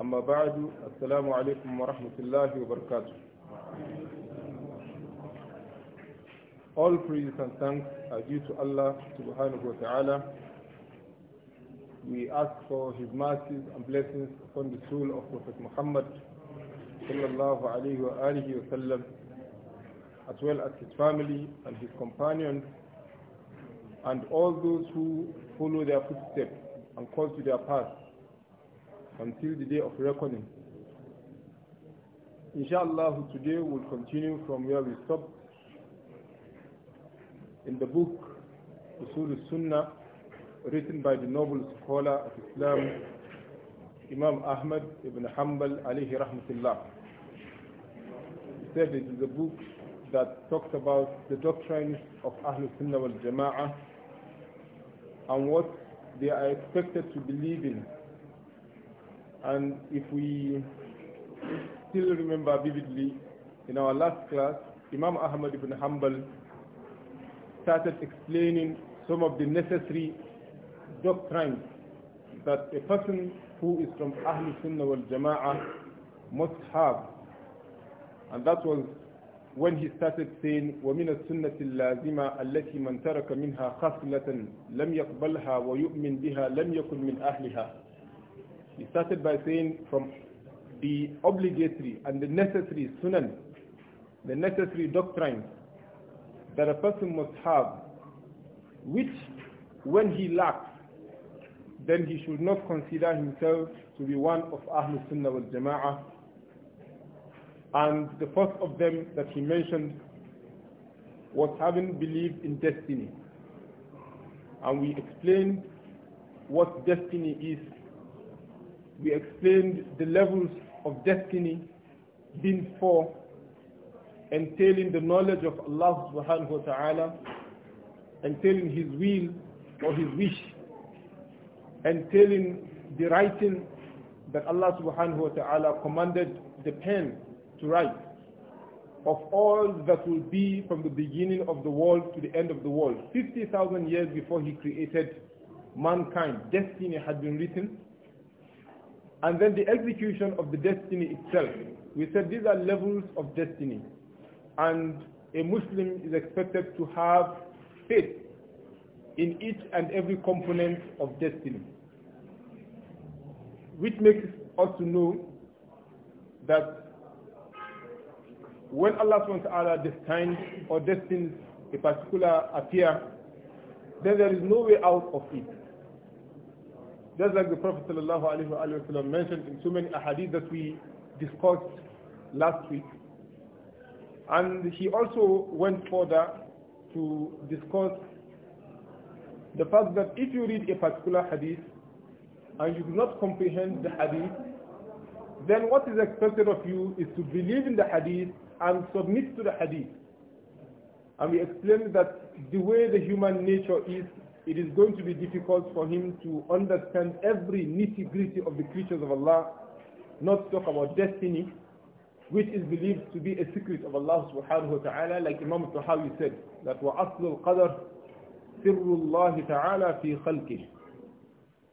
أما بعد السلام عليكم ورحمة الله وبركاته All praise and thanks are due to Allah subhanahu wa ta'ala. We ask for His mercies and blessings upon the soul of Prophet Muhammad sallallahu alayhi wa alihi wa sallam as well as his family and his companions and all those who follow their footsteps and call to their path until the day of reckoning. Inshallah, today we'll continue from where we stopped in the book Usul Sunnah, written by the noble scholar of Islam, Imam Ahmad ibn Hanbal alayhi rahmatullah. He said it is a book that talks about the doctrines of Ahlul Sunnah wal Jama'ah and what they are expected to believe in and if we still remember vividly, in our last class, Imam Ahmad ibn Hanbal started explaining some of the necessary doctrines that a person who is from Ahlul Sunnah wal Jama'ah must have. And that was when he started saying, وَمِنَ السُنَّةِ اللَّازِمَةِ الَّتِي مَنْ تَرَكَ مِنْهَا خَصْلَةً لَمْ يَقْبَلْهَا وَيُؤْمِنْ بِهَا لَمْ يَكُنْ مِنْ أَهْلِهَا he started by saying from the obligatory and the necessary sunan, the necessary doctrines that a person must have, which when he lacks, then he should not consider himself to be one of Ahlul Sunnah wal Jama'ah. And the first of them that he mentioned was having believed in destiny. And we explained what destiny is we explained the levels of destiny, being 4, entailing the knowledge of Allah subhanahu wa ta'ala, entailing His will or His wish, entailing the writing that Allah subhanahu wa ta'ala commanded the pen to write of all that will be from the beginning of the world to the end of the world. 50,000 years before he created mankind, destiny had been written and then the execution of the destiny itself. We said these are levels of destiny. And a Muslim is expected to have faith in each and every component of destiny. Which makes us to know that when Allah SWT destines or destines a particular affair, then there is no way out of it. Just like the Prophet ﷺ mentioned in so many ahadith that we discussed last week. And he also went further to discuss the fact that if you read a particular hadith and you do not comprehend the hadith, then what is expected of you is to believe in the hadith and submit to the hadith. And we explained that the way the human nature is it is going to be difficult for him to understand every nitty-gritty of the creatures of Allah, not talk about destiny, which is believed to be a secret of Allah subhanahu wa ta'ala, like Imam Tuhawi said, that وَأَصْلُ الْقَدَرِ سِرُّ Allah Taala fi خَلْقِهِ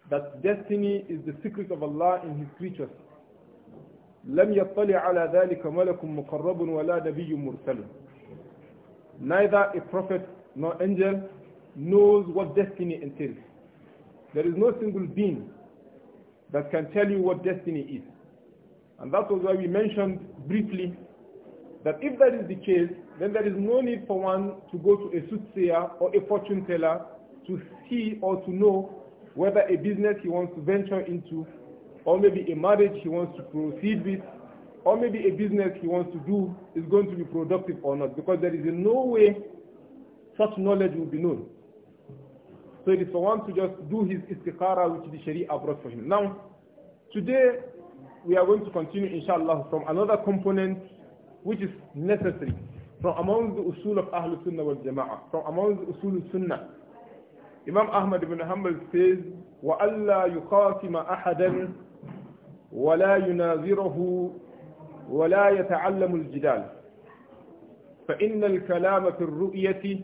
That destiny is the secret of Allah in His creatures. لم يطلع على ذلك ملك مقرب ولا نبي مرسل Neither a prophet nor angel knows what destiny entails. There is no single being that can tell you what destiny is. And that was why we mentioned briefly that if that is the case, then there is no need for one to go to a soothsayer or a fortune teller to see or to know whether a business he wants to venture into, or maybe a marriage he wants to proceed with, or maybe a business he wants to do is going to be productive or not, because there is in no way such knowledge will be known. So it is for one to just do his istikhara which the Sharia brought for him. Now, today we are going to continue inshallah from another component which is necessary from among the usul of Ahlul Sunnah wal Jama'ah, from among the usul of Sunnah. Imam Ahmad ibn Hanbal says, وَأَلَّا يُخَاتِمَ أَحَدًا وَلَا يُنَاظِرَهُ وَلَا يَتَعَلَّمُ الْجِدَالِ فإن الكلام في الرؤية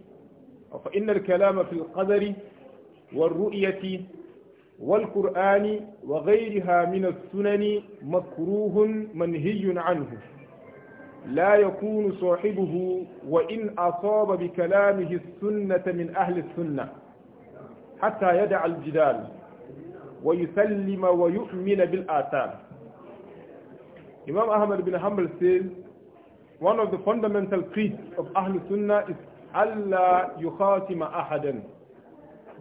فإن الكلام في القدر والرؤية والقرآن وغيرها من السنن مكروه منهي عنه لا يكون صاحبه وإن أصاب بكلامه السنة من أهل السنة حتى يدع الجدال ويسلم ويؤمن بالآثار Imam Ahmad bin Hanbal says one of the fundamental creeds of Ahlul Sunnah is Allah yukhatima ahadan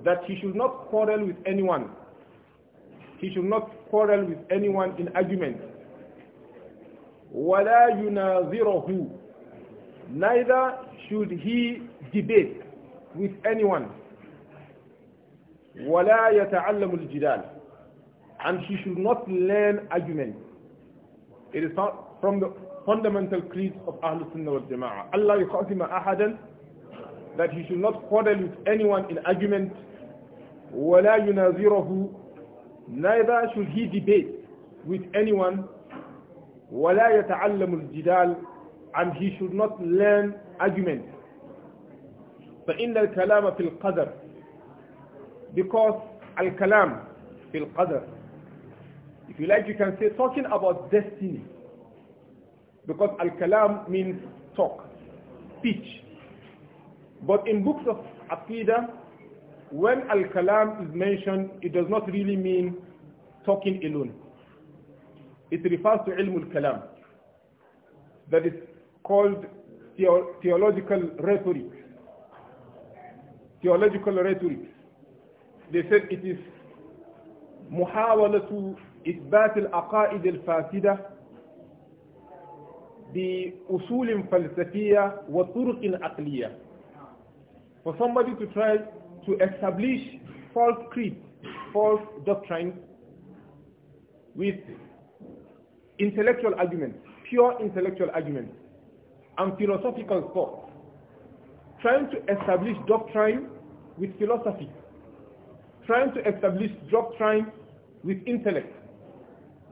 that he should not quarrel with anyone. He should not quarrel with anyone in argument. وَلَا يُنَاظِرَهُ Neither should he debate with anyone. وَلَا يَتَعَلَّمُ الْجِدَالِ And he should not learn argument. It is from the fundamental creed of Ahlul Sunnah wal Jama'ah. Allah yuqasima ahadan that he should not quarrel with anyone in argument وَلَا يُنَازِرَهُ Neither should he debate with anyone وَلَا يَتَعَلَّمُ الْجِدَالِ And he should not learn argument فَإِنَّ الْكَلَامَ فِي الْقَدَرِ Because al-kalam fil if you like you can say talking about destiny because al-kalam means talk speech but in books of Aqidah, when Al-Kalam is mentioned, it does not really mean talking alone. It refers to Ilm al-Kalam. That is called theological rhetoric. Theological rhetoric. They said it is محاولة إثبات العقائد الفاسدة بأصول فلسفية وطرق عقلية for somebody to try to establish false creed, false doctrines with intellectual arguments, pure intellectual arguments, and philosophical thought. Trying to establish doctrine with philosophy. Trying to establish doctrine with intellect.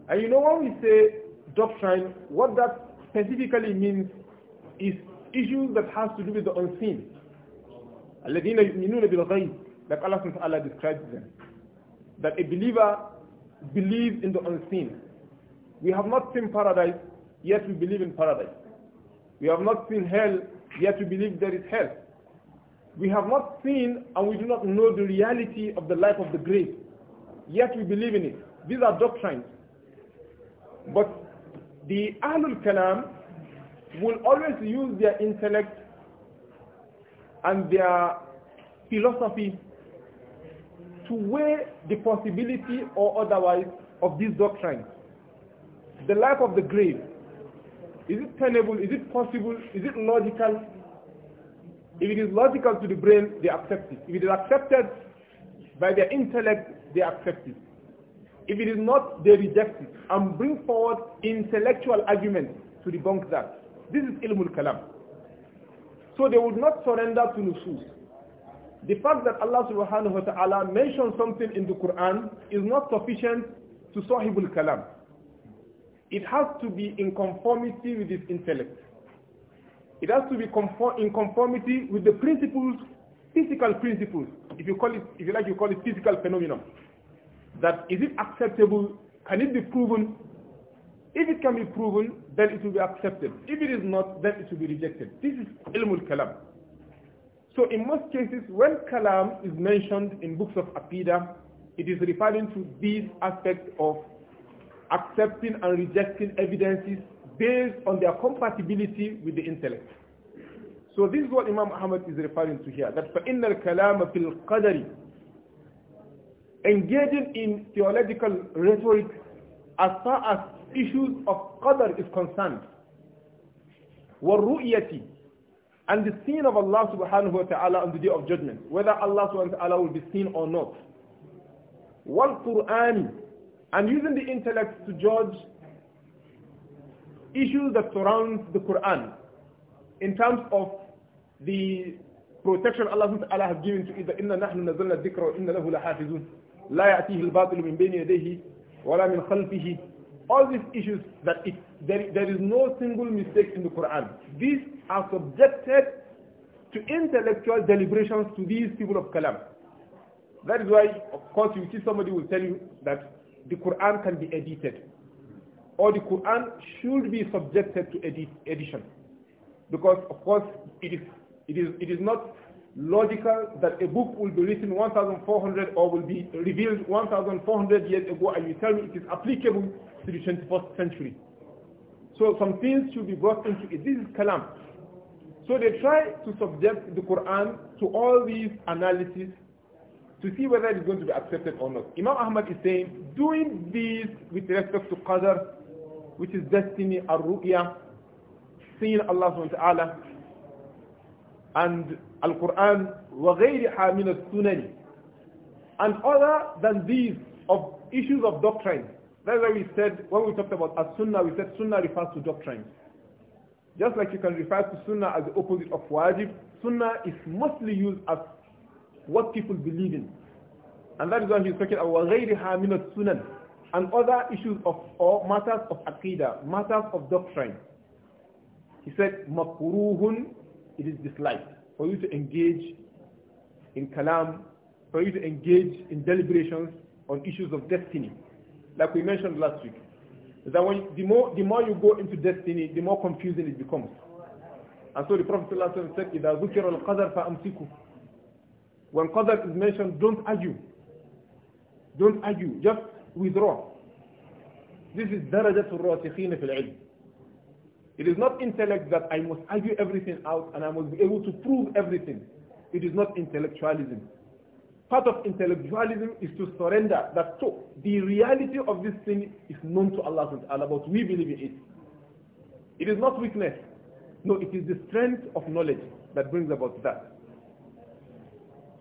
And you know when we say doctrine, what that specifically means is issues that has to do with the unseen, Alladina yu'minuna bil ghayb, like Allah subhanahu wa ta'ala describes them. That a believer believes in the unseen. We have not seen paradise, yet we believe in paradise. We have not seen hell, yet we believe there is hell. We have not seen and we do not know the reality of the life of the grave, yet we believe in it. These are doctrines. But the Ahlul Kalam will always use their intellect and their philosophy to weigh the possibility or otherwise of this doctrine. The life of the grave, is it tenable, is it possible, is it logical? If it is logical to the brain, they accept it. If it is accepted by their intellect, they accept it. If it is not, they reject it and bring forward intellectual arguments to debunk that. This is ilmul kalam. So they would not surrender to nusus. The fact that Allah subhanahu wa ta'ala mentioned something in the Quran is not sufficient to sahibul kalam. It has to be in conformity with his intellect. It has to be conform in conformity with the principles, physical principles. If you call it, if you like, you call it physical phenomenon. That is it acceptable? Can it be proven? If it can be proven, then it will be accepted. If it is not, then it will be rejected. This is ilmul kalam. So in most cases, when kalam is mentioned in books of aqidah, it is referring to these aspects of accepting and rejecting evidences based on their compatibility with the intellect. So this is what Imam Muhammad is referring to here, that فَإِنَّ الْكَلَامَ فِي الْقَدَرِ Engaging in theological rhetoric as far as issues of qadr is concerned, وَالرُؤْيَةِ and the scene of Allah subhanahu wa ta'ala on the day of judgment, whether Allah subhanahu wa ta'ala will be seen or not. وَالْقُرْآنِ and using the intellect to judge issues that surround the Quran in terms of the protection Allah subhanahu wa ta'ala has given to either إِنَّا نَحْنُ نَزَلْنَا الذِّكْرَ وَإِنَّا لَهُ لَحَافِظُونَ لَا يَأْتِيهِ الْبَاطِلُ مِنْ بَيْنِ يَدَيْهِ وَلَا مِنْ خَلْفِهِ all these issues that it, there, there is no single mistake in the Quran. These are subjected to intellectual deliberations to these people of Kalam. That is why, of course, you see somebody will tell you that the Quran can be edited. Or the Quran should be subjected to edit, edition. Because, of course, it is, it, is, it is not logical that a book will be written 1,400 or will be revealed 1,400 years ago and you tell me it is applicable to the 21st century. So some things should be brought into it. This is kalam. So they try to subject the Quran to all these analyses to see whether it's going to be accepted or not. Imam Ahmad is saying, doing this with respect to Qadr, which is destiny, al-ruqya, seeing Allah subhanahu wa ta'ala, and Al-Quran, وَغَيْرِهَا مِنَ السُّنَنِ And other than these of issues of doctrine, that's why we said, when we talked about as-sunnah, we said sunnah refers to doctrines. Just like you can refer to sunnah as the opposite of wajib, sunnah is mostly used as what people believe in. And that is why he's talking about وَغَيْرِهَا مِنَ sunan and other issues of or matters of aqidah, matters of doctrine. He said, makruhun; It is disliked for you to engage in kalam, for you to engage in deliberations on issues of destiny like we mentioned last week, that when the more the more you go into destiny, the more confusing it becomes. And so the Prophet ﷺ said, When qadr is mentioned, don't argue. Don't argue. Just withdraw. This is درجة الراسخين fil العلم. It is not intellect that I must argue everything out and I must be able to prove everything. It is not intellectualism part of intellectualism is to surrender that so the reality of this thing is known to Allah subhanahu wa ta'ala, but we believe in it. It is not weakness. No, it is the strength of knowledge that brings about that.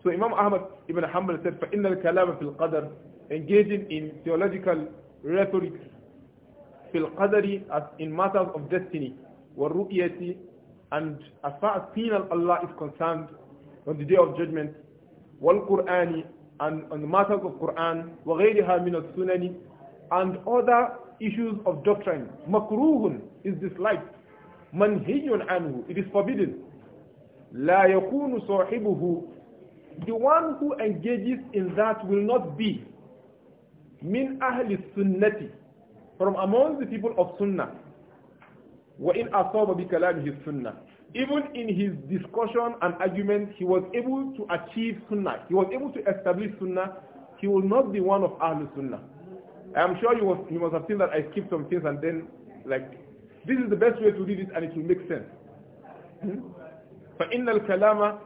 So Imam Ahmad ibn Hanbal said, فَإِنَّ الْكَلَامَ فِي الْقَدَرِ Engaging in theological rhetoric fil qadari as in matters of destiny wal ru'yati and as far as seeing Allah is concerned on the day of judgment والقرآن and the matters of Quran وغيرها من السنن and other issues of doctrine مكروه is disliked منهي عنه it is forbidden لا يكون صاحبه the one who engages in that will not be min ahli sunnati from among the people of sunnah wa in asaba bi sunnah even in his discussion and argument, he was able to achieve sunnah. He was able to establish sunnah. He will not be one of Ahlul Sunnah. I'm sure you, you must have seen that I skipped some things and then, like, this is the best way to read it and it will make sense. فَإِنَّ hmm? الْكَلَامَ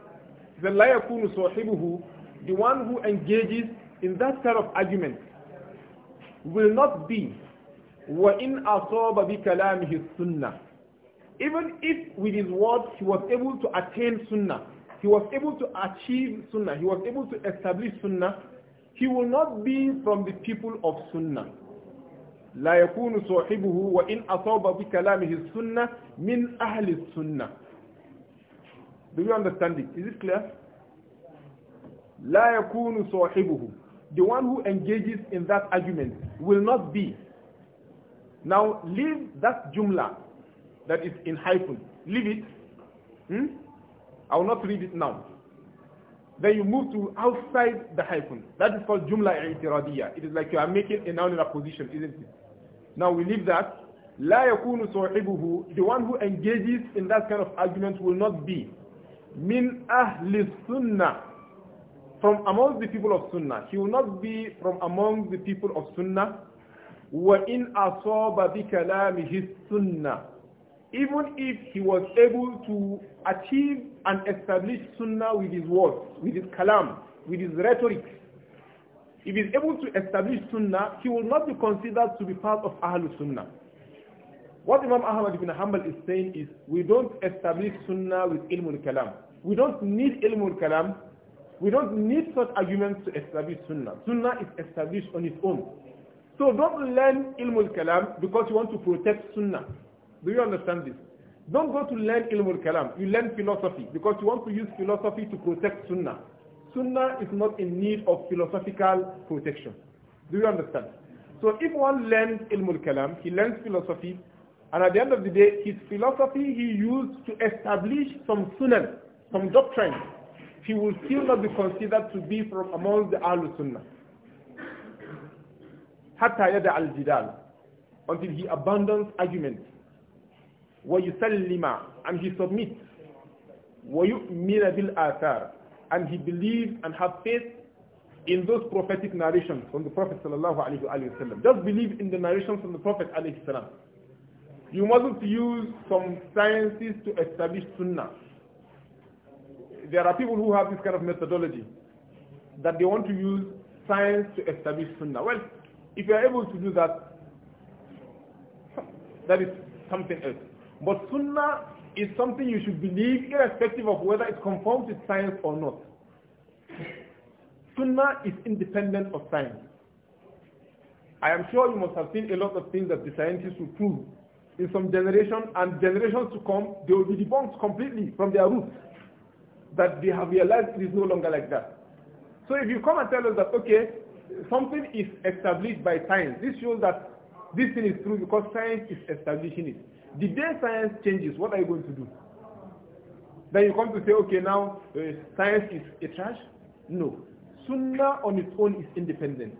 the لا يكون صاحبه the one who engages in that kind of argument will not be وَإِنْ أَصَابَ بِكَلَامِهِ السُّنَّةِ even if with his words he was able to attain sunnah, he was able to achieve sunnah, he was able to establish sunnah, he will not be from the people of sunnah. لا يكون صاحبه وإن أصاب بكلامه السنة من أهل السنة Do you understand it? Is it clear? لا يكون صاحبه The one who engages in that argument will not be. Now leave that jumla that is in hyphen. Leave it. Hmm? I will not read it now. Then you move to outside the hyphen. That is called Jumla i'tiradiyya. It is like you are making a noun in a position, isn't it? Now we leave that. La يكون صاحبه The one who engages in that kind of argument will not be min ahli sunnah from among the people of sunnah he will not be from among the people of sunnah are in asaba bi kalamihi sunnah even if he was able to achieve and establish sunnah with his words, with his kalam, with his rhetoric, if he's able to establish sunnah, he will not be considered to be part of Ahlul Sunnah. What Imam Ahmad ibn Hanbal is saying is, we don't establish sunnah with ilmul kalam. We don't need ilmul kalam. We don't need such arguments to establish sunnah. Sunnah is established on its own. So don't learn ilmul kalam because you want to protect sunnah. Do you understand this? Don't go to learn ilmul kalam. You learn philosophy because you want to use philosophy to protect sunnah. Sunnah is not in need of philosophical protection. Do you understand? So if one learns ilmul kalam, he learns philosophy, and at the end of the day, his philosophy he used to establish some sunnah, some doctrine, he will still not be considered to be from among the Ahlul Sunnah. Hatta yada al-jidal. Until he abandons arguments. وَيُسَلِّمَ And he submits. وَيُؤْمِنَ بِالْآثَارِ And he believes and have faith in those prophetic narrations from the Prophet sallallahu alaihi wasallam. Just believe in the narrations from the Prophet alayhi salam. You mustn't use some sciences to establish sunnah. There are people who have this kind of methodology that they want to use science to establish sunnah. Well, if you are able to do that, that is something else. But sunnah is something you should believe irrespective of whether it conforms to science or not. Sunnah is independent of science. I am sure you must have seen a lot of things that the scientists will prove in some generation and generations to come, they will be debunked completely from their roots that they have realized it is no longer like that. So if you come and tell us that, okay, something is established by science, this shows that this thing is true because science is establishing it. The day science changes, what are you going to do? Then you come to say, okay, now uh, science is a trash? No. Sunnah on its own is independent.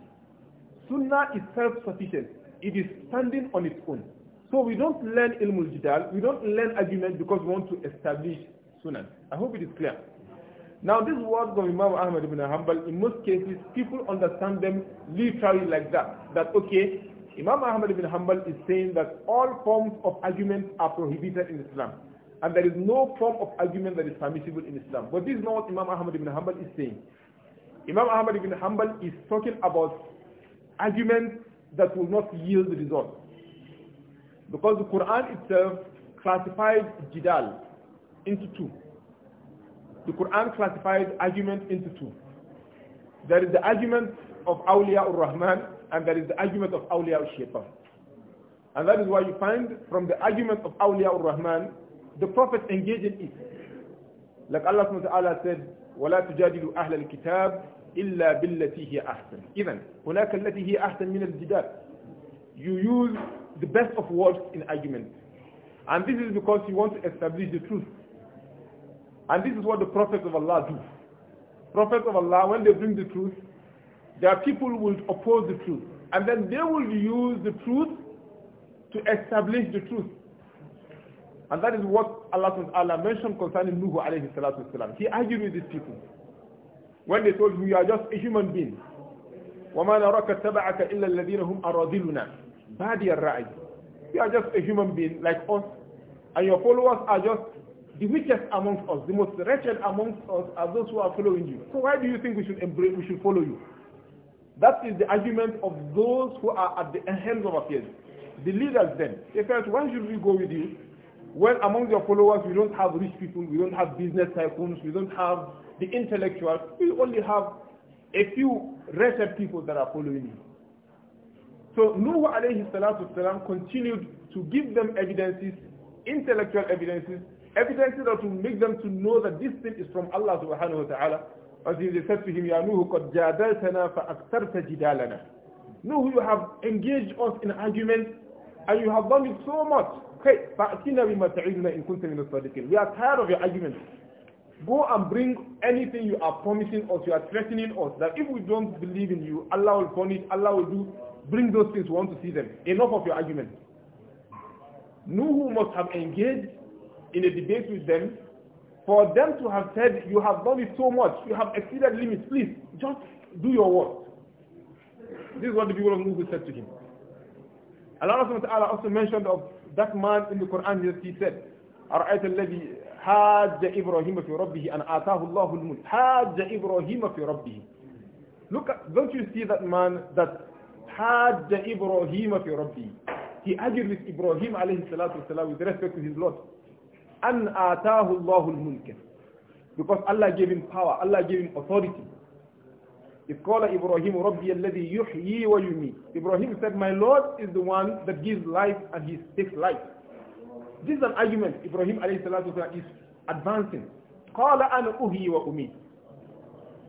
Sunnah is self-sufficient. It is standing on its own. So we don't learn ilmul jidal, we don't learn argument because we want to establish sunnah. I hope it is clear. Now this word of Imam Ahmad ibn Hanbal, in most cases, people understand them literally like that. That, okay, Imam Ahmad ibn Hanbal is saying that all forms of argument are prohibited in Islam. And there is no form of argument that is permissible in Islam. But this is not what Imam Ahmad ibn Hanbal is saying. Imam Ahmad ibn Hanbal is talking about arguments that will not yield the result. Because the Quran itself classified jidal into two. The Quran classified argument into two. There is the argument of awliya ur-Rahman and that is the argument of Awliya al-Shaytan. And that is why you find from the argument of Awliya al-Rahman, the Prophet engaged in it. Like Allah subhanahu wa ta'ala said, وَلَا تُجَادِلُوا أَهْلَ الْكِتَابِ إِلَّا بِالَّتِي هِيَ أَحْسَنُ Even, هُنَاكَ الَّتِي هِيَ أَحْسَنُ مِنَ الْجِدَالِ You use the best of words in argument. And this is because you want to establish the truth. And this is what the prophets of Allah do. Prophets of Allah, when they bring the truth, are people will oppose the truth. And then they will use the truth to establish the truth. And that is what Allah mentioned concerning Nuhu alayhi salatu wasalam. He argued with these people. When they told him, you are just a human being. وَمَا نَرَكَ تَبَعَكَ إِلَّا الَّذِينَ هُمْ أَرَاضِلُنَا بَادِيَ الرَّأَيِ You are just a human being like us. And your followers are just the weakest amongst us. The most wretched amongst us are those who are following you. So why do you think we should embrace, we should follow you? That is the argument of those who are at the hands of affairs. The leaders then. They felt, why should we go with you? Well, among your followers, we don't have rich people, we don't have business tycoons, we don't have the intellectuals. We only have a few recent people that are following you. So Nuh alayhi salatu salam continued to give them evidences, intellectual evidences, evidences that will make them to know that this thing is from Allah subhanahu wa ta'ala as he said to him, Ya Nuhu, قَدْ جَادَلْتَنَا you have engaged us in argument and you have done it so much. Okay, فَأْتِنَا بِمَا تَعِذُنَا إِن كُنْتَ مِنَ الصَّادِقِينَ We are tired of your arguments. Go and bring anything you are promising us, you are threatening us, that if we don't believe in you, Allah will punish, Allah will do. Bring those things, we want to see them. Enough of your arguments. Nuhu must have engaged in a debate with them for them to have said, you have done it so much, you have exceeded limits, please, just do your work. This is what the people of Nuhu said to him. Allah subhanahu also mentioned of that man in the Quran that he said, أَرَأَيْتَ الَّذِي حَاجَّ إِبْرَاهِيمَ فِي رَبِّهِ أَنْ آتَاهُ اللَّهُ الْمُلْكَ حَاجَّ إِبْرَاهِيمَ فِي رَبِّهِ Look at, don't you see that man that حَاجَّ إِبْرَاهِيمَ فِي رَبِّهِ He argued with Ibrahim alayhi salatu wasalam with respect to his Lord an atahu Allahul mulk because Allah gave him power Allah gave him authority إذ called Ibrahim ربي الذي يحيي ويميت Ibrahim said my Lord is the one that gives life and he takes life this is an argument Ibrahim alayhi is advancing قال أنا أحيي وأميت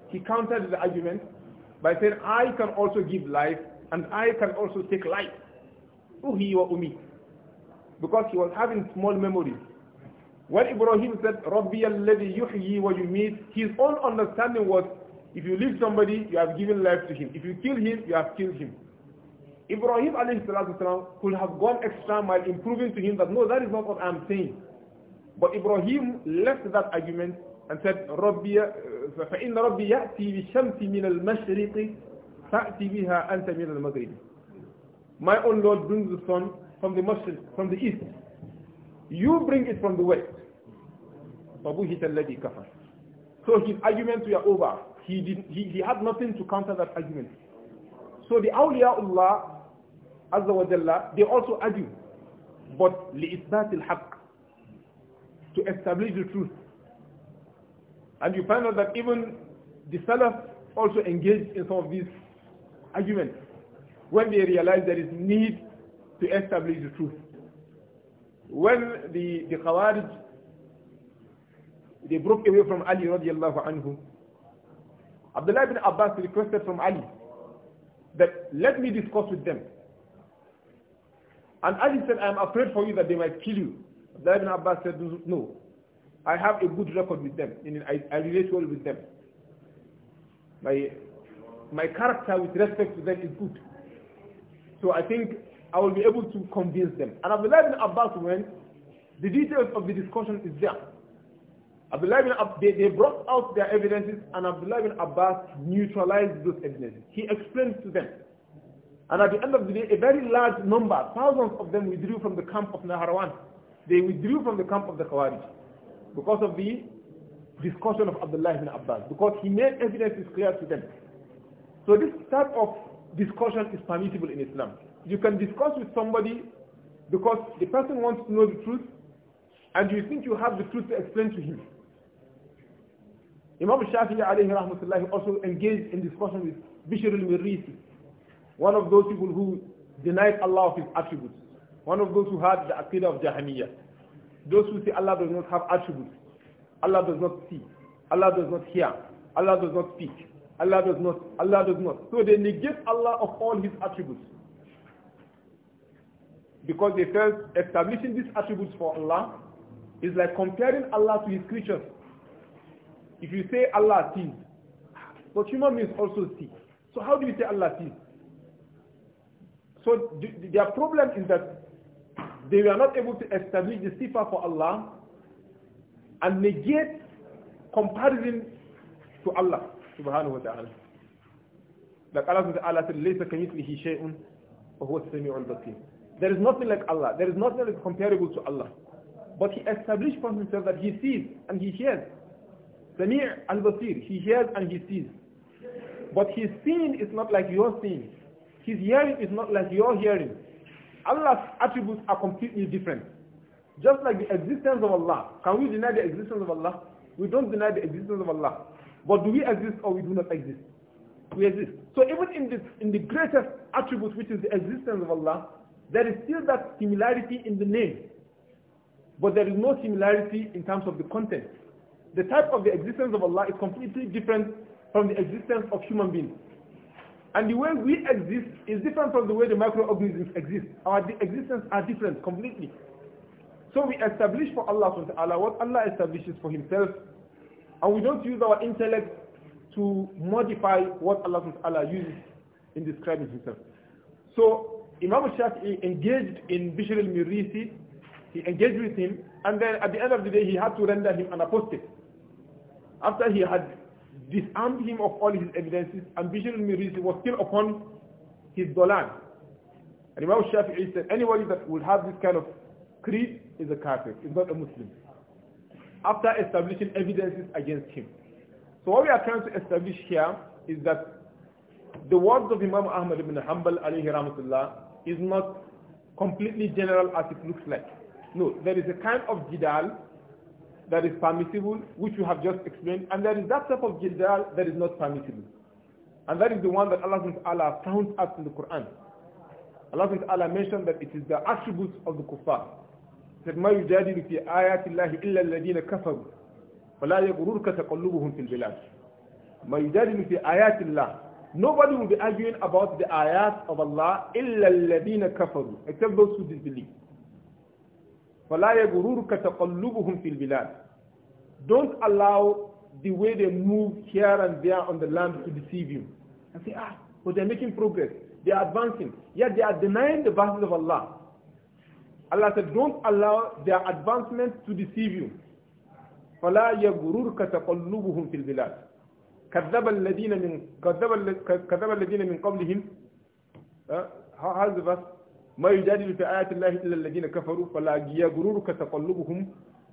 he countered the argument by saying I can also give life and I can also take life أحيي وأميت because he was having small memories when Ibrahim said, Rabbi alladhi yuhyi wa yumit, his own understanding was, if you leave somebody, you have given life to him. If you kill him, you have killed him. Ibrahim والسلام, could have gone extra mile in proving to him that no, that is not what I'm saying. But Ibrahim left that argument and said, ربي فإن ربي يأتي بالشمس من المشرق فأتي بها أنت من المغرب. My own Lord brings the sun from the, from the east. You bring it from the west. فَبُهِتَ الَّذِي كَفَرْ So his arguments were over. He, did, he, he had nothing to counter that argument. So the awliyaullah, Azza wa Jalla, they also argue. But لِإِثْبَاتِ الْحَقِّ To establish the truth. And you find out that even the Salaf also engaged in some of these arguments when they realize there is need to establish the truth. When the, the Khawarij they broke away from Ali radiallahu anhu. Abdullah ibn Abbas requested from Ali that let me discuss with them. And Ali said, I am afraid for you that they might kill you. Abdullah ibn Abbas said, no, I have a good record with them, I, I relate well with them. My, my character with respect to them is good. So I think I will be able to convince them. And Abdullah ibn Abbas went, the details of the discussion is there. Abdullah ibn they, they brought out their evidences and Abdullah ibn Abbas neutralized those evidences. He explained to them. And at the end of the day, a very large number, thousands of them withdrew from the camp of Naharawan. They withdrew from the camp of the Khawarij because of the discussion of Abdullah ibn Abbas, because he made evidences clear to them. So this type of discussion is permissible in Islam. You can discuss with somebody because the person wants to know the truth and you think you have the truth to explain to him. Imam Shafi'i also engaged in discussion with Bishr al-Mirisi, one of those people who denied Allah of his attributes, one of those who had the aqidah of Jahamiyyah, those who say Allah does not have attributes, Allah does not see, Allah does not hear, Allah does not speak, Allah does not, Allah does not. So they negate Allah of all his attributes. Because they felt establishing these attributes for Allah is like comparing Allah to his creatures. If you say Allah sees, but human beings also see. So how do you say Allah sees? So the, their problem is that they were not able to establish the sifa for Allah and negate comparison to Allah subhanahu wa ta'ala. Like Allah says, Allah said, لَيْسَ There is nothing like Allah. There is nothing that is comparable to Allah. But he established for himself that he sees and he hears. Samir al-Basir, he hears and he sees. But his seeing is not like your seeing. His hearing is not like your hearing. Allah's attributes are completely different. Just like the existence of Allah. Can we deny the existence of Allah? We don't deny the existence of Allah. But do we exist or we do not exist? We exist. So even in, this, in the greatest attribute, which is the existence of Allah, there is still that similarity in the name. But there is no similarity in terms of the content the type of the existence of Allah is completely different from the existence of human beings. And the way we exist is different from the way the microorganisms exist. Our existence are different completely. So we establish for Allah subhanahu what Allah establishes for himself and we don't use our intellect to modify what Allah subhanahu uses in describing himself. So Imam Shafi'i engaged in Bishr al-Mirisi, he engaged with him and then at the end of the day he had to render him an apostate after he had disarmed him of all his evidences, and visual al he was still upon his dolan. And Imam Shafi'i said, anybody that will have this kind of creed is a kafir, is not a Muslim. After establishing evidences against him. So what we are trying to establish here is that the words of Imam Ahmad ibn Hanbal alayhi rahmatullah is not completely general as it looks like. No, there is a kind of jidal that is permissible, which we have just explained, and there is that type of jidal that is not permissible. And that is the one that Allah subhanahu found us in the Quran. Allah subhanahu mentioned that it is the attributes of the kuffar. said, مَا يُجَادِلُ فِي آيَاتِ اللَّهِ إِلَّا الَّذِينَ كَفَرُوا فَلَا يَغُرُرْكَ تَقَلُّبُهُمْ فِي الْبِلَادِ مَا يُجَادِلُ فِي آيَاتِ اللَّهِ Nobody will be arguing about the ayat of Allah إِلَّا الَّذِينَ كَفَرُوا except those who disbelieve. فَلَا يغرورك تَقَلُّبُهُمْ فِي الْبِلَادِ Don't allow the way they move here and there on the land to deceive you. And say, ah, but they're making progress. They are advancing. Yet they are denying the verses of Allah. Allah said, don't allow their advancement to deceive you. فَلَا يغرورك تَقَلُّبُهُمْ فِي الْبِلَادِ كذب الذين من كذب الذين من قبلهم هذا verse ما يجادل في آيات الله إلا الذين كفروا فلا يغررك تقلبهم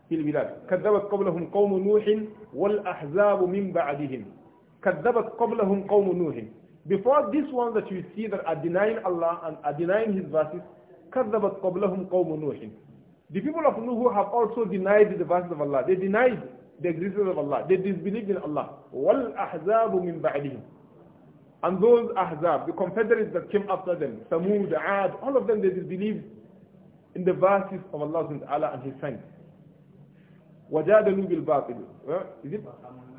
في البلاد كذبت قبلهم قوم نوح والأحزاب من بعدهم كذبت قبلهم قوم نوح Before this one that you see that are denying Allah and are denying His verses, كذبت قبلهم قوم نوح The people of Nuh have also denied the verses of Allah. They denied the existence of Allah. They disbelieved in Allah. وَالْأَحْزَابُ مِنْ بَعْدِهِمْ And those Ahzab, the confederates that came after them, Samud, Aad, all of them, they disbelieved in the verses of Allah subhanahu and His saints. وجادلوا بالباطل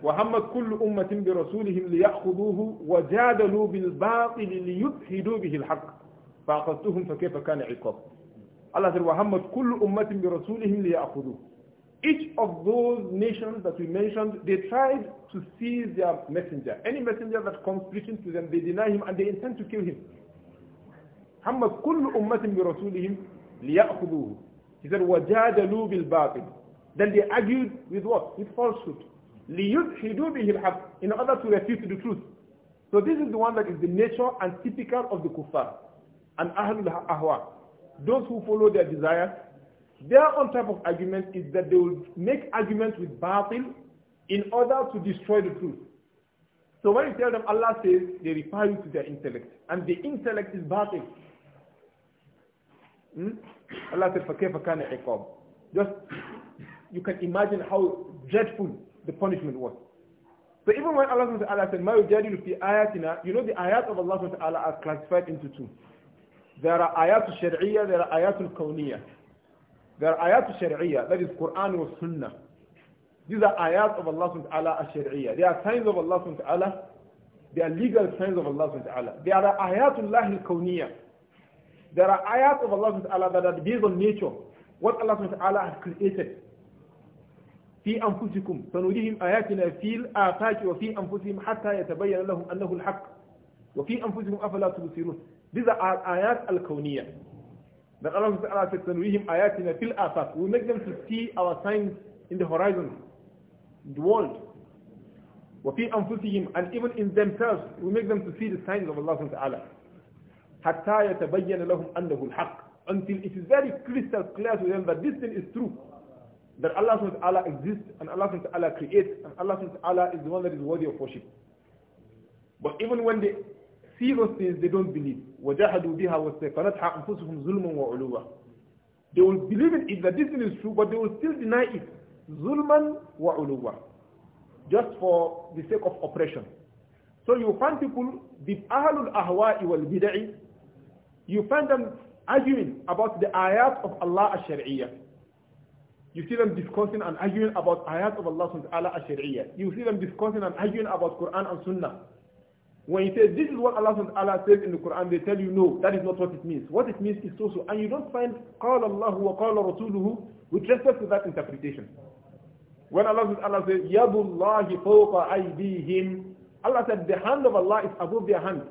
وهمت كل أمة برسولهم ليأخذوه وجادلوا بالباطل ليدحدوا به الحق فأخذتهم فكيف كان عقاب الله said وهمت كل أمة برسولهم ليأخذوه each of those nations that we mentioned, they tried to seize their messenger. Any messenger that comes preaching to them, they deny him and they intend to kill him. كل برسولهم He said, وَجَادَلُوا بِالْبَاطِلِ Then they argued with what? With falsehood. لِيُدْحِدُوا بِهِ الْحَقِّ In order to refute the truth. So this is the one that is the nature and typical of the kuffar and أهل ahwa. Those who follow their desires their own type of argument is that they will make arguments with batil in order to destroy the truth. So when you tell them Allah says, they refer you to their intellect. And the intellect is batil. Hmm? Allah said, فَكَيْفَ كَانَ عِقَابٍ Just, you can imagine how dreadful the punishment was. So even when Allah Allah said, مَا يُجَادِلُ فِي آيَاتِنَا You know the ayat of Allah Allah are classified into two. There are ayat al-shari'iyya, there are ayat al-kawniyya. There are ayat al-shari'iyya, that is Quran wa Sunnah. These are ayat of Allah SWT al-shari'iyya. They are signs of Allah SWT. They are legal signs of Allah SWT. They are ayatullah al kawniyya There are ayat of Allah SWT that are based on nature. What Allah SWT has created. في أنفسكم سنريهم آياتنا في الآفاق وفي أنفسهم حتى يتبين لهم أنه الحق وفي أنفسهم أفلا تبصرون These are ayat al kawniyya That Allah Ta'ala said, تَنْوِيهِمْ آيَاتِنَا فِي الْآفَاقِ We make them to see our signs in the horizon, the world. وَفِي أَنفُسِهِمْ And even in themselves, we make them to see the signs of Allah Ta'ala. حَتَّى يَتَبَيَّنَ لَهُمْ al-haq Until it is very crystal clear to them that this thing is true. That Allah Ta'ala exists and Allah Ta'ala creates and Allah Ta'ala is the one that is worthy of worship. But even when they see things, they don't believe. وَجَحَدُوا بِهَا وَاسْتَيْقَنَتْهَا أَنفُسُهُمْ ظُلْمًا وَعُلُوًا They will believe in it, that this thing is true, but they will still deny it. wa وَعُلُوًا Just for the sake of oppression. So you find people, the Ahlul Ahwa'i wal Bida'i, you find them arguing about the ayat of Allah as shariiyah You see them discussing and arguing about ayat of Allah subhanahu wa ta'ala shariiyah You see them discussing and arguing about Quran and Sunnah. When you say this is what Allah says in the Quran, they tell you no, that is not what it means. What it means is so so. And you don't find قال الله وقال رسوله with respect to that interpretation. When Allah SWT says يَدُ اللَّهِ فَوْقَ أَيْدِيهِمْ Allah said the hand of Allah is above their hand.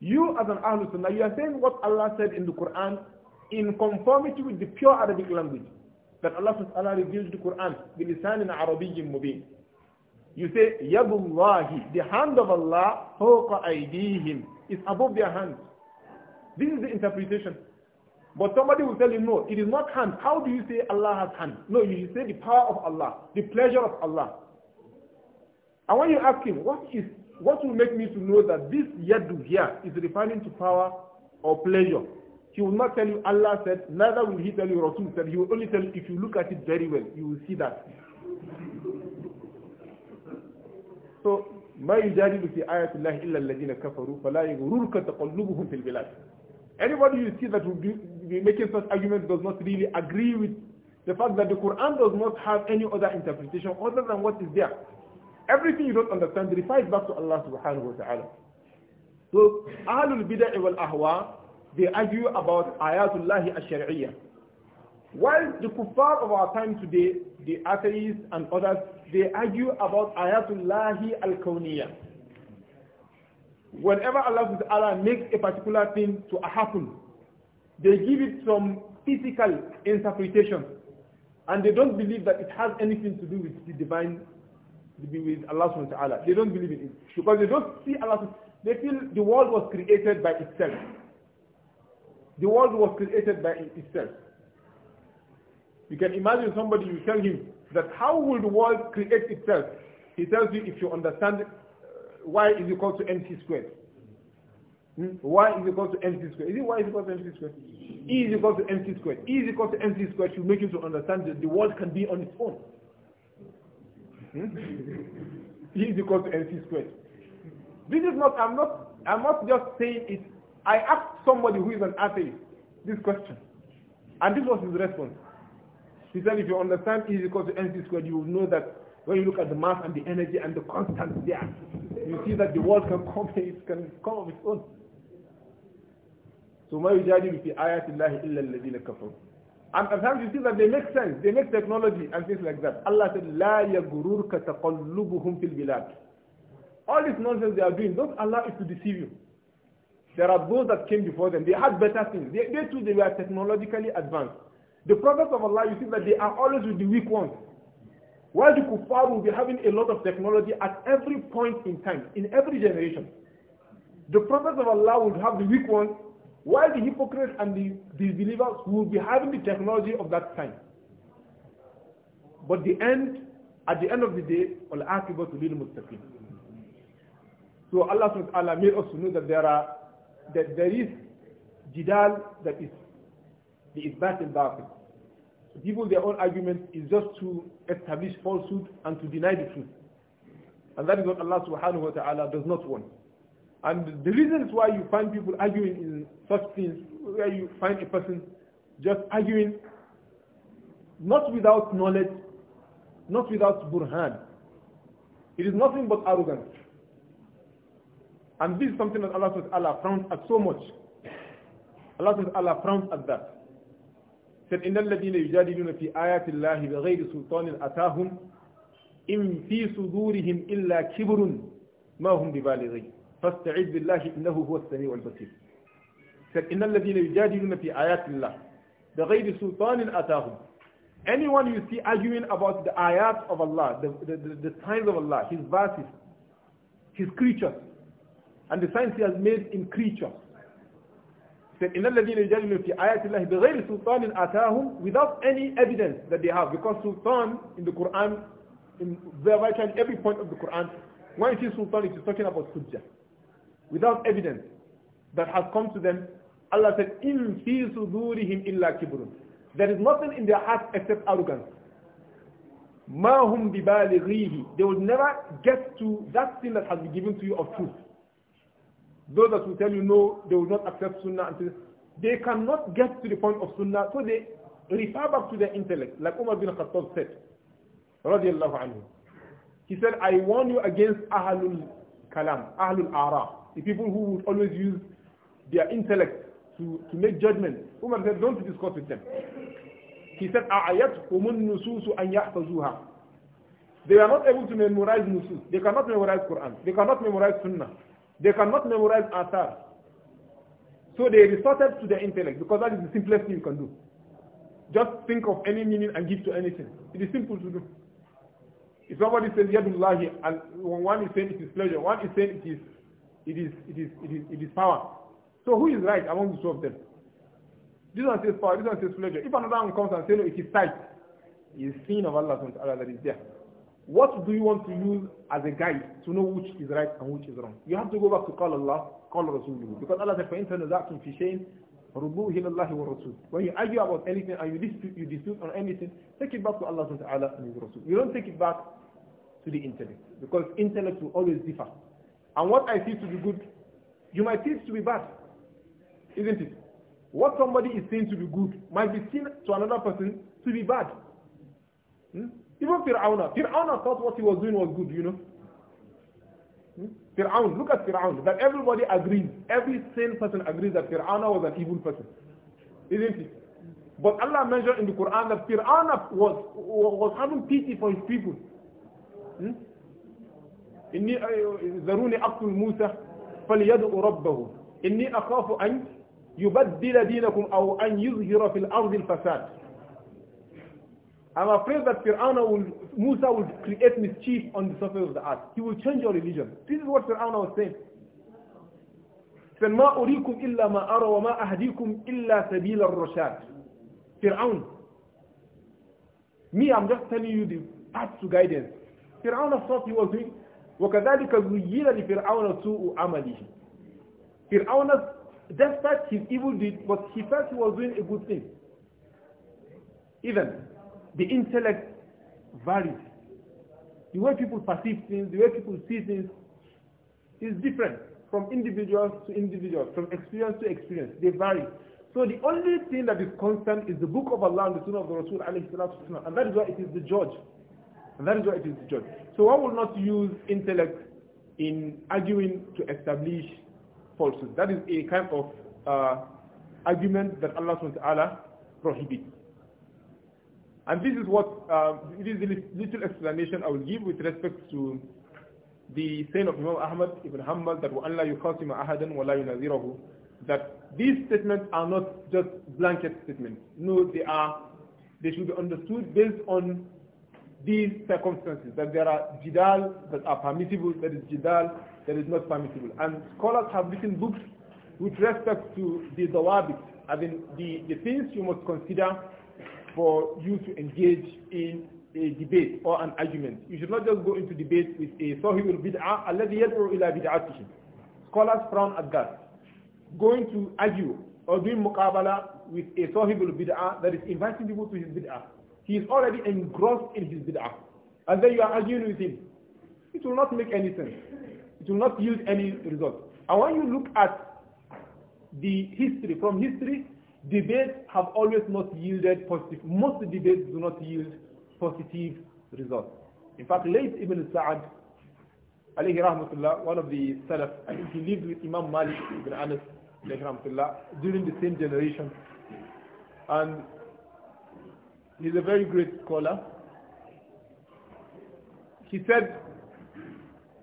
You as an Ahlul Sunnah, you are saying what Allah said in the Quran in conformity with the pure Arabic language. That Allah Allah reveals the Quran بِلِسَانٍ عَرَبِيٍّ مُبِينٍ you say, Yadullahi, the hand of Allah, فوق أيديهم, is above their hands. This is the interpretation. But somebody will tell you, no, it is not hand. How do you say Allah has hand? No, you say the power of Allah, the pleasure of Allah. And when you ask him, what is, what will make me to know that this yadu here is referring to power or pleasure? He will not tell you Allah said, neither will he tell you Rasul said. He will only tell you, if you look at it very well, you will see that. so ma yujadilu fi ayati llahi illa alladhina kafaru fala yughurruka taqallubuhum fil bilad anybody you see that would be making such arguments does not really agree with the fact that the Quran does not have any other interpretation other than what is there everything you don't understand refers back to Allah subhanahu wa ta'ala so ahlul bid'ah wal ahwa they argue about ayatullahi ash-shar'iyyah While the kuffar of our time today, the atheists and others, they argue about ayatullahi al-kawniyah. Whenever Allah Ta'ala makes a particular thing to happen, they give it some physical interpretation. And they don't believe that it has anything to do with the divine, with Allah subhanahu wa ta'ala. They don't believe in it. Because they don't see Allah, they feel the world was created by itself. The world was created by itself. You can imagine somebody, you tell him that how will the world create itself? He tells you if you understand uh, why is equal to mc squared. Hmm? Y is equal to mc squared. Is it why is equal to mc squared? E is equal to mc squared. E is equal to mc squared should make you to understand that the world can be on its own. Hmm? e is equal to mc squared. This is not, I'm not, I'm not just saying it. I asked somebody who is an atheist this question. And this was his response. He said if you understand E equals to mc squared, you will know that when you look at the mass and the energy and the constants there, you see that the world can come, it can come of its own. So ما يجادل في آيات الله إلا الذين كفروا. And sometimes you see that they make sense, they make technology and things like that. Allah said, لا يغرورك تقلبهم في البلاد. All this nonsense they are doing, don't allow it to deceive you. There are those that came before them. They had better things. They, they too, they were technologically advanced. The prophets of Allah, you see that they are always with the weak ones. While the kuffar will be having a lot of technology at every point in time, in every generation. The prophets of Allah will have the weak ones, while the hypocrites and the disbelievers will be having the technology of that time. But the end, at the end of the day, al-aqibah to lil mustaqim. So Allah subhanahu wa ta'ala made us to know that there are that there is jidal that is the isbat al-batil. People, their own argument is just to establish falsehood and to deny the truth. And that is what Allah subhanahu wa ta'ala does not want. And the reasons why you find people arguing in such things, where you find a person just arguing, not without knowledge, not without burhan. It is nothing but arrogance. And this is something that Allah wa Taala frowns at so much. Allah wa Taala frowns at that. تد إن الذين يجادلون في آيات الله بغير سلطان أتاهم إن في صدورهم إلا كبر ما هم ببالغين فاستعذ بالله إنه هو السميع البصير تد إن الذين يجادلون في آيات الله بغير سلطان أتاهم Anyone you see arguing about the ayat of Allah, the, the, the, the signs of Allah, his verses, his creatures, and the signs he has made in creatures, said, إِنَّ الَّذِينَ يُجَادِلُونَ فِي آيَاتِ اللَّهِ بِغَيْرِ سُلْطَانٍ آتَاهُمْ without any evidence that they have. Because sultan in the Quran, in virtually every point of the Quran, when it is sultan, it is talking about hujjah. Without evidence that has come to them, Allah said, إِن فِي صُدُورِهِمْ إِلَّا كِبْرٌ There is nothing in their hearts except arrogance. مَا هُمْ بِبَالِغِيهِ They will never get to that thing that has been given to you of truth. Those that will tell you no, they will not accept Sunnah until they cannot get to the point of Sunnah, so they refer back to their intellect, like Umar bin Khattab said, radiallahu anhu. He said, I warn you against Ahlul Kalam, Ahlul Ara, the people who would always use their intellect to, to make judgments. Umar said, don't discuss with them. He said, أَعَيَتْهُمُ النُّسُوسُ أَنْ يَحْفَظُوهَا They are not able to memorize nusus. They cannot memorize Quran. They cannot memorize Sunnah. They cannot memorize Athar. So they resorted to their intellect because that is the simplest thing you can do. Just think of any meaning and give to anything. It is simple to do. If somebody says Yadullahi and one is saying it is pleasure, one is saying it is it is it is it is it is power. So who is right among the two of them? This one says power, this one says pleasure. If another one comes and says no, it is sight, it is sin of Allah that is there. What do you want to use as a guide to know which is right and which is wrong? You have to go back to call Allah, call Rasulullah. Because Allah said, فَإِنْ تَنَزَعْتُمْ When you argue about anything and you dispute, you dispute on anything, take it back to Allah ta'ala and His Rasul. You don't take it back to the intellect. Because intellect will always differ. And what I see to be good, you might it to be bad. Isn't it? What somebody is saying to be good might be seen to another person to be bad. Hmm? Even Fir'aun, Fir'aun thought what he was doing was good, you know. Fir'aun, look at Fir'aun, that everybody agrees, every sane person agrees that Fir'aun was an evil person. Isn't it? But Allah mentioned in the Quran that Fir'aun was, was having pity for his people. إني ذروني أقتل موسى فليدعو ربه إني أخاف أن يبدل دينكم أو أن يظهر في الأرض الفساد I'm afraid that Fir'aun will, Musa will create mischief on the surface of the earth. He will change your religion. This is what Fir'aun was saying. فَمَا أُرِيكُمْ إِلَّا مَا أَرَى وَمَا أَهْدِيكُمْ إِلَّا سَبِيلَ الرَّشَادِ Fir'aun. Me, I'm just telling you the path to guidance. Fir'aun thought he was doing وَكَذَلِكَ زُيِّنَ لِفِرْعَوْنَ سُوءُ عَمَلِهِ Fir'aun, despite his evil deed, but he felt he was doing a good thing. Even the intellect varies. The way people perceive things, the way people see things is different from individuals to individuals, from experience to experience. They vary. So the only thing that is constant is the book of Allah and the Sunnah of the Rasul and that is why it is the judge. And that is why it is the judge. So one will not use intellect in arguing to establish falsehood. That is a kind of uh, argument that Allah subhanahu wa ta'ala prohibits. And this is what, uh, this is little explanation I will give with respect to the saying of Imam Ahmad ibn Hanbal that وَأَنْ لَا يُخَاصِمَ أَحَدًا that these statements are not just blanket statements. No, they are, they should be understood based on these circumstances, that there are jidal that are permissible, there is jidal that is not permissible. And scholars have written books with respect to the dawabit, I mean the, the things you must consider for you to engage in a debate or an argument. You should not just go into debate with a sahibul bid'ah alladhi yad'u ila bid'atihim. Scholars frown at that. Going to argue or doing muqabala with a sahibul bid'ah that is inviting people to his bid'ah. He is already engrossed in his bid'ah. And then you are arguing with him. It will not make any sense. It will not yield any result. And when you look at the history, from history, debates have always not yielded positive. Most debates do not yield positive results. In fact, late Ibn Sa'ad, rahmatullah, one of the Salaf, I think he lived with Imam Malik ibn Anas, rahmatullah, during the same generation. And he's a very great scholar. He said,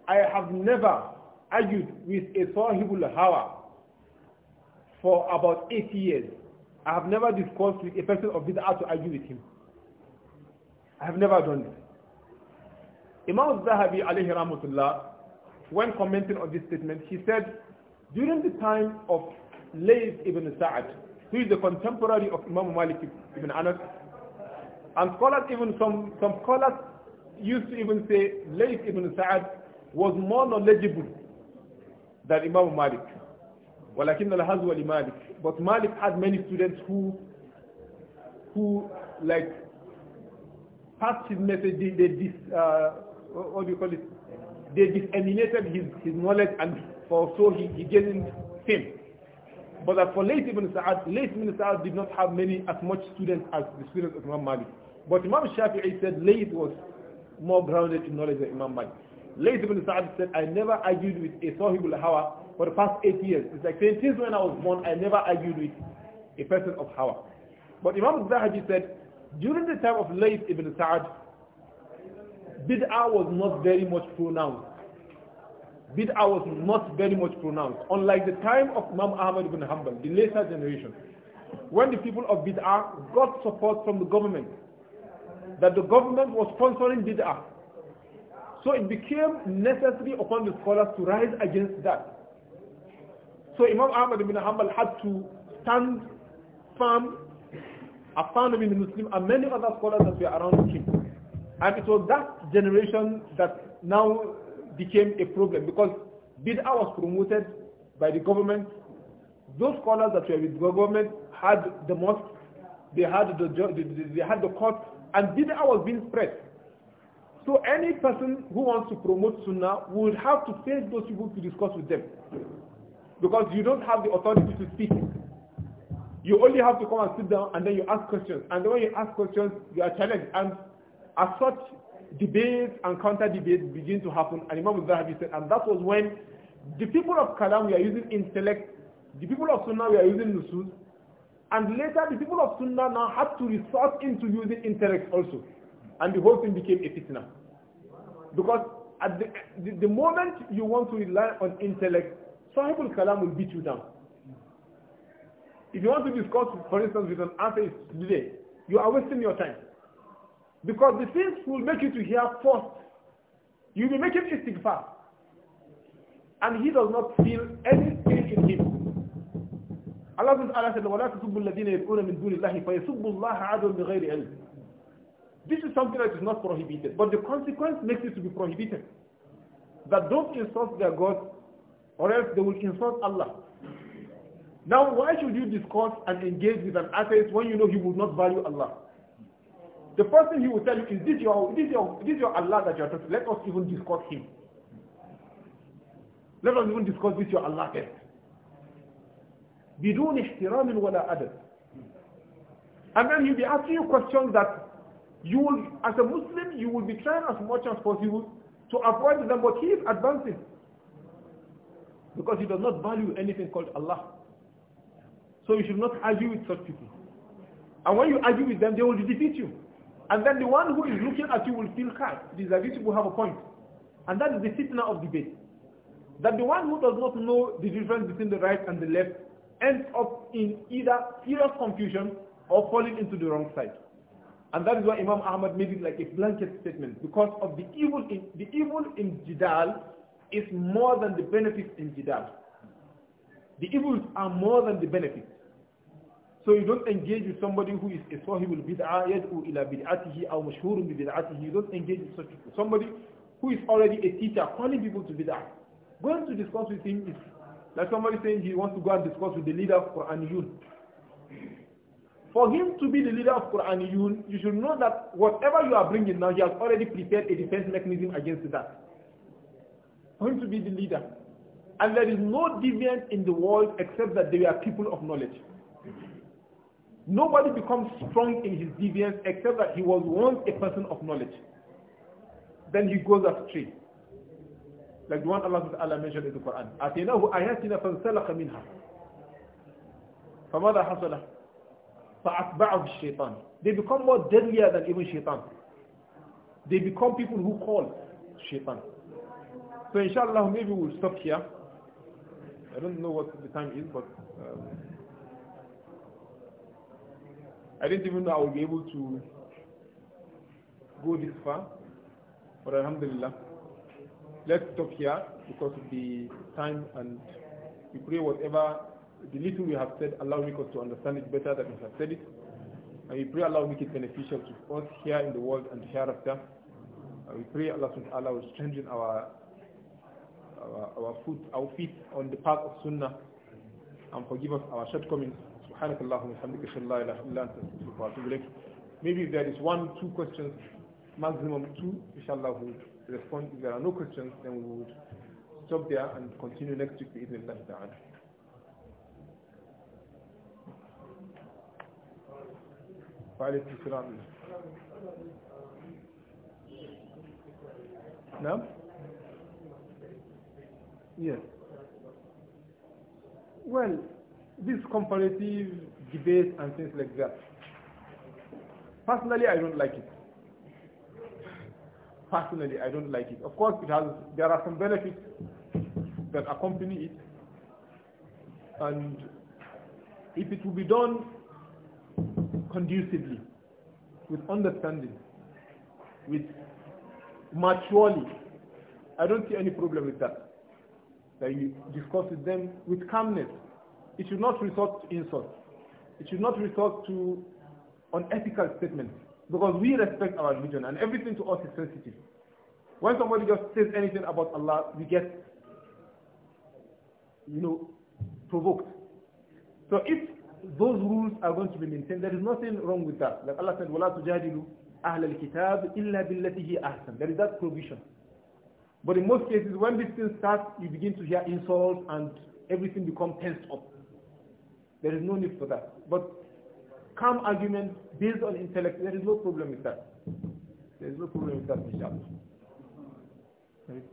I have never argued with a Sahibul Hawa for about eight years. I have never discussed with a person of bid'ah to argue with him. I have never done this. Imam Zahabi alayhi rahmatullah, when commenting on this statement, he said, during the time of Layth ibn Sa'ad, who is the contemporary of Imam Malik ibn Anas, and scholars even some, some scholars used to even say Layth ibn Sa'ad was more knowledgeable than Imam Malik. ولكن الهزو لمالك but Malik had many students who, who like, passed his message, they, they dis, uh, what do you call it? They disseminated his, his knowledge and for so he, he gained fame. But for late Ibn Sa'ad, late Ibn Sa'ad did not have many, as much students as the students of Imam Malik. But Imam Shafi'i said late was more grounded in knowledge than Imam Malik. Late Ibn Sa'ad said, I never argued with a Sahibul Hawa for the past eight years. It's like saying, since when I was born, I never argued with a person of power. But Imam Zahabi said, during the time of Layth ibn Sa'ad, bid'ah was not very much pronounced. Bid'ah was not very much pronounced. Unlike the time of Imam Ahmad ibn Hanbal, the later generation, when the people of bid'ah got support from the government, that the government was sponsoring bid'ah. So it became necessary upon the scholars to rise against that. So Imam Ahmad ibn Hanbal had to stand firm, Affan the Muslim and many other scholars that were around him. And it was that generation that now became a problem because bid'ah was promoted by the government. Those scholars that were with the government had the mosque, they had the, they had the court, and bid'ah was being spread. So any person who wants to promote sunnah would have to face those people to discuss with them. Because you don't have the authority to speak. You only have to come and sit down and then you ask questions. And when you ask questions, you are challenged. And as such, debates and counter debates begin to happen. And Imam Zahabi said, and that was when the people of Kalam were using intellect, the people of Sunnah were using nusus, and later the people of Sunnah now had to resort into using intellect also. And the whole thing became a fitna. Because at the, the, the moment you want to rely on intellect, Sahibul Kalam will beat you down. If you want to discuss, for instance, with an atheist today, you are wasting your time. Because the things will make you to hear first. You'll be making istighfar. And he does not feel anything in him. Allah Ta'ala said, This is something that is not prohibited, but the consequence makes it to be prohibited. That don't insult their God or else they will insult Allah. Now, why should you discuss and engage with an atheist when you know he will not value Allah? The first thing he will tell you is, this your, this your, this your Allah that you are talking Let us even discuss him. Let us even discuss this your Allah test. بدون احترام ولا أدب. And then he'll be asking you questions that you will, as a Muslim, you will be trying as much as possible to avoid them, but he is advancing because he does not value anything called Allah. So you should not argue with such people. And when you argue with them, they will defeat you. And then the one who is looking at you will feel hurt. These people will have a point. And that is the fitna of debate. That the one who does not know the difference between the right and the left ends up in either serious confusion or falling into the wrong side. And that is why Imam Ahmad made it like a blanket statement because of the evil in, the evil in jidal is more than the benefits in jidal. The evils are more than the benefits. So you don't engage with somebody who is a sahibul bid'ah yad'u ila bid'atihi aw mashhurun bi bid'atihi. You don't engage with such people. Somebody who is already a teacher calling people to bid'ah. Going to discuss with him is like somebody saying he wants to go and discuss with the leader of Quraniyun. For him to be the leader of Quraniyun, you should know that whatever you are bringing now, he has already prepared a defense mechanism against that for him to be the leader. And there is no deviant in the world except that they are people of knowledge. Nobody becomes strong in his deviance except that he was once a person of knowledge. Then he goes astray. Like the one Allah Ta'ala mentioned in the Quran. أَتِينَاهُ آيَاتِنَا فَانْسَلَخَ مِنْهَا فَمَاذَا حَصَلَ فَأَتْبَعَهُ الشَّيْطَانِ They become more deadlier than even shaitan. They become people who call shaitan. So inshallah, maybe we'll stop here. I don't know what the time is, but um, I didn't even know I would be able to go this far. But alhamdulillah, let's stop here because of the time and we pray whatever, the little we have said, Allow me, us to understand it better than we have said it. And we pray Allah will make it beneficial to us here in the world and hereafter. And we pray Allah subhanahu wa changing will strengthen our our foot, our feet on the path of Sunnah and forgive us our shortcomings. سبحانك اللهم وبحمدك اشهد ان Maybe if there is one, two questions, maximum two, inshallah we'll respond. If there are no questions, then we will stop there and continue next week بإذن الله تعالى. وعليكم السلام. نعم. Yes. Well, this comparative debate and things like that. Personally, I don't like it. Personally, I don't like it. Of course, it has. There are some benefits that accompany it, and if it will be done conducively, with understanding, with maturely, I don't see any problem with that that you discuss with them with calmness. It should not resort to insults. It should not resort to unethical statements because we respect our religion and everything to us is sensitive. When somebody just says anything about Allah, we get, you know, provoked. So if those rules are going to be maintained, there is nothing wrong with that. Like Allah said, وَلَا تُجَادِلُوا أَهْلَ الْكِتَابِ إِلَّا بِالَّتِهِ أَحْسَنُ There is that provision. But in most cases, when this thing starts, you begin to hear insults and everything becomes tensed up. There is no need for that. But calm argument based on intellect, there is no problem with that. There is no problem with that, inshallah. Right?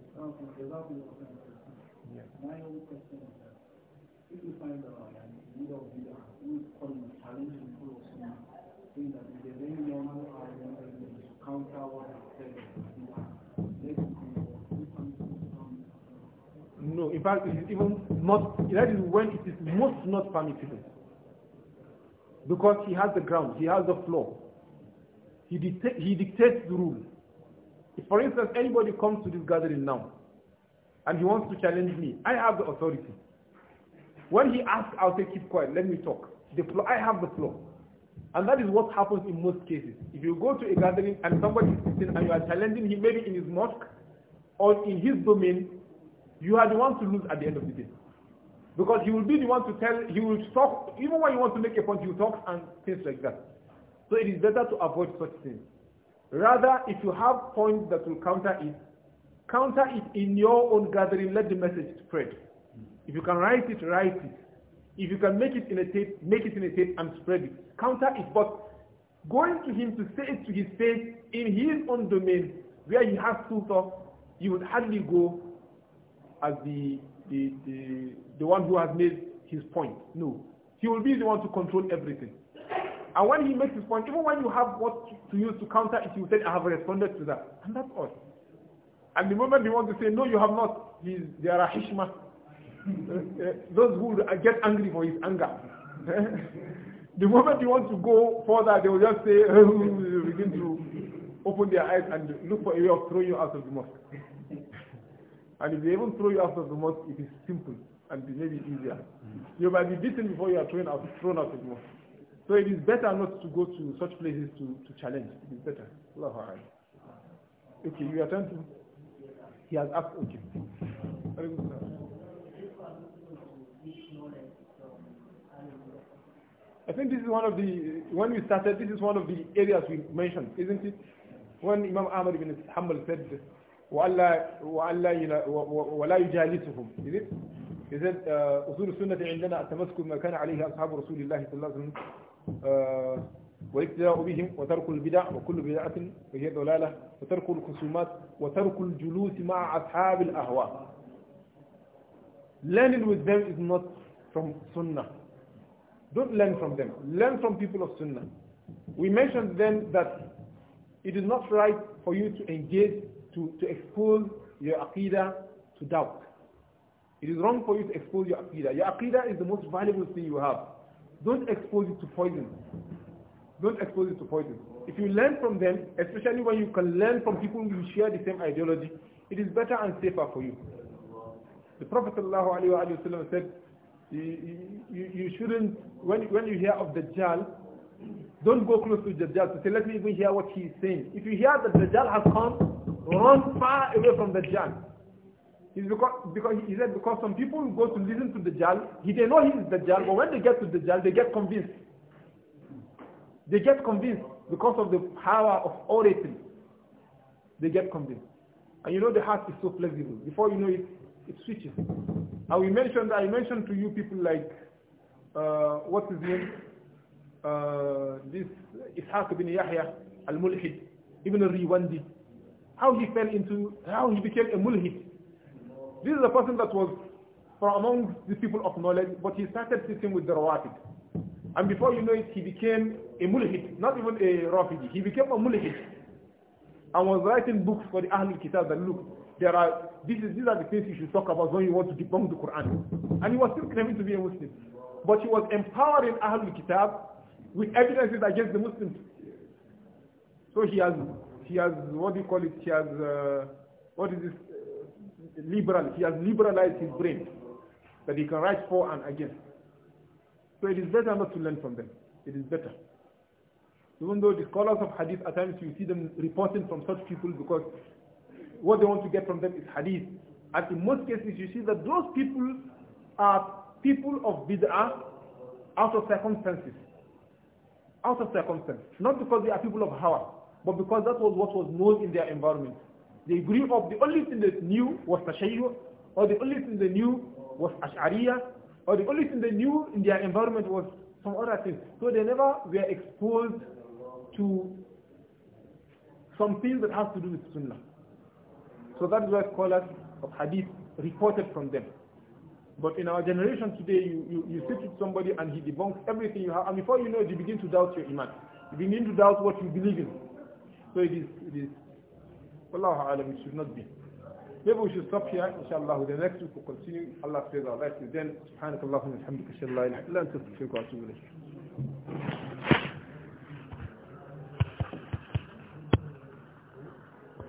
if you find a leader of leader who is calling full of saying that it is very normal argument to counter No, in fact, it is even not, that is when it is most not permissible. Because he has the ground, he has the floor. He, dicta he dictates the rule. If, for instance, anybody comes to this gathering now, and he wants to challenge me, I have the authority. When he asks, I'll say, keep quiet, let me talk. The floor, I have the floor. And that is what happens in most cases. If you go to a gathering and somebody is sitting and you are challenging him, maybe in his mosque or in his domain, you are the one to lose at the end of the day. Because he will be the one to tell, he will talk, even when you want to make a point, he will talk and things like that. So it is better to avoid such things. Rather, if you have points that will counter it, counter it in your own gathering, let the message spread. If you can write it, write it. If you can make it in a tape, make it in a tape and spread it. Counter it, but going to him to say it to his face in his own domain, where he has full thought, you would hardly go as the, the, the, the one who has made his point. No. He will be the one to control everything. And when he makes his point, even when you have what to use to counter it, you say, I have responded to that. And that's all. And the moment he wants to say, no, you have not, he's, they are a hishma. Eh, those who get angry for his anger. the moment he wants to go further, they will just say, oh, begin to open their eyes and look for a way of throwing you out of the mosque. And if they even throw you out of the mosque, it is simple and maybe easier. Hmm. You might be beaten before you are thrown out, thrown out of the mosque. So it is better not to go to such places to, to challenge. It is better. Allah Okay, you are trying to... He has asked, okay. Very good, sir. I think this is one of the, when we started, this is one of the areas we mentioned, isn't it? When Imam Ahmad ibn Hanbal said, وألا وألا ولا يجالسهم إذن إذن آه، أصول السنة عندنا التمسك بما كان عليه أصحاب رسول الله صلى الله عليه وسلم آه، والاقتداء بهم وترك البدع وكل بدعة فهي ضلالة وترك الخصومات وترك الجلوس مع أصحاب الأهواء Learning with them is not from Sunnah. Don't learn from them. Learn from people of Sunnah. We mentioned then that it is not right for you to engage to, to expose your aqidah to doubt. It is wrong for you to expose your aqidah. Your aqidah is the most valuable thing you have. Don't expose it to poison. Don't expose it to poison. If you learn from them, especially when you can learn from people who share the same ideology, it is better and safer for you. The Prophet ﷺ said, you, you, you shouldn't, when, when you hear of Dajjal, don't go close to Dajjal to so say, let me even hear what he is saying. If you hear that Dajjal has come, run far away from the Dajjal. It's because, because he said because some people go to listen to the Dajjal, he they know he is Dajjal, but when they get to the Dajjal, they get convinced. They get convinced because of the power of oratory. They get convinced. And you know the heart is so flexible. Before you know it, it switches. And we mentioned, I mentioned to you people like, uh, what's his name? Uh, this Ishaq ibn Yahya al-Mulhid, Ibn al-Riwandi how he fell into, how he became a mulhid. This is a person that was from among the people of knowledge, but he started sitting with the rawatib. And before you know it, he became a mulhid, not even a rafidi. He became a mulhid and was writing books for the Ahlul Kitab that look, there are, these, these are the things you should talk about when you want to debunk the Quran. And he was still claiming to be a Muslim. But he was empowering Ahlul Kitab with evidences against the Muslims. So he has he has, what do you call it? He has, uh, what is this? Uh, liberal. He has liberalized his brain that he can write for and against. So it is better not to learn from them. It is better. Even though the scholars of hadith at times you see them reporting from such people because what they want to get from them is hadith. And in most cases you see that those people are people of bid'ah out of circumstances. Out of circumstance. Not because they are people of hawa but because that was what was known in their environment. They grew up, the only thing they knew was Tashayyuh, or the only thing they knew was Asharia, or the only thing they knew in their environment was some other things. So they never were exposed to something that has to do with Sunnah. So that is why scholars of Hadith reported from them. But in our generation today, you, you, you sit with somebody and he debunks everything you have, and before you know it, you begin to doubt your iman. You begin to doubt what you believe in. So it is, it is, Wallahu alam, it should not be. Maybe we should stop here, inshallah. The next week we'll continue. Allah says our life is then. Subhanallah, alhamdulillah. La ilaha illa anta